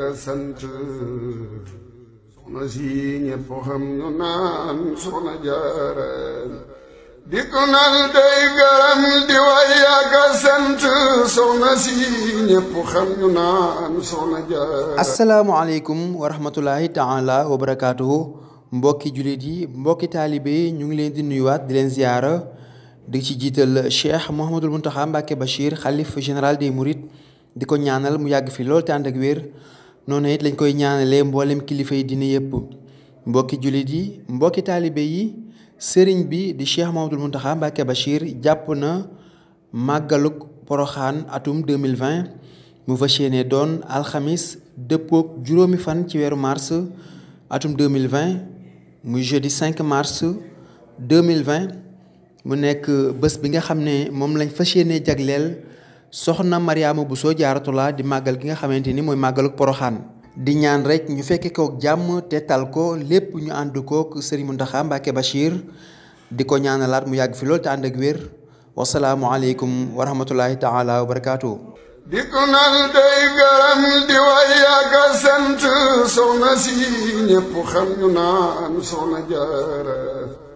ka sant soxna si ñëpp xam ñu naan soxna jaara di ko nal day garam di waya ka sant soxna si ñëpp xam ñu naan soxna jaara asalaamaaleykum wa rahmatullahi taala wa barakaatuhu mbokki jullit yi mbokki taalibe yi ñu ngi leen di nuyuwaat di leen ziyaara di ci jiital cheikh Mouhamadul Mountakha Mbacké Bachir xalif général des Mourides di ko ñaanal mu yàgg fi lool te ànd ak wér noonu it lañ koy ñaanalee mboolem kilifa yi dina yëpp mbokki jullit yi mbokki taalibe yi sëriñ bi di Cheikh Mamadou Mountakha Mbacké Bachir jàpp na màggaluk poroxaan atum 2020 mu fas doon alxamis dëppook juróomi fan ci weeru mars atum 2020 muy jeudi 5 mars 2020 mu nekk bés bi nga xam ne moom lañ fas yéene jagleel soxna Mariama Bousso Jaaratullaa di magal gi nga xamanteni moy mooy màggaluk poroxaan di ñaan rek ñu fekke ko jamm te tal ko lepp ñu ànd kook Serigne Mountakha mbake bashir diko ñaanalat mu yag fi lol te ànd ak wa rahmatullahi taala wa barakatuh di ko day garam di waay yàgg a sant soxna si ñepp xam ñu naan na jaara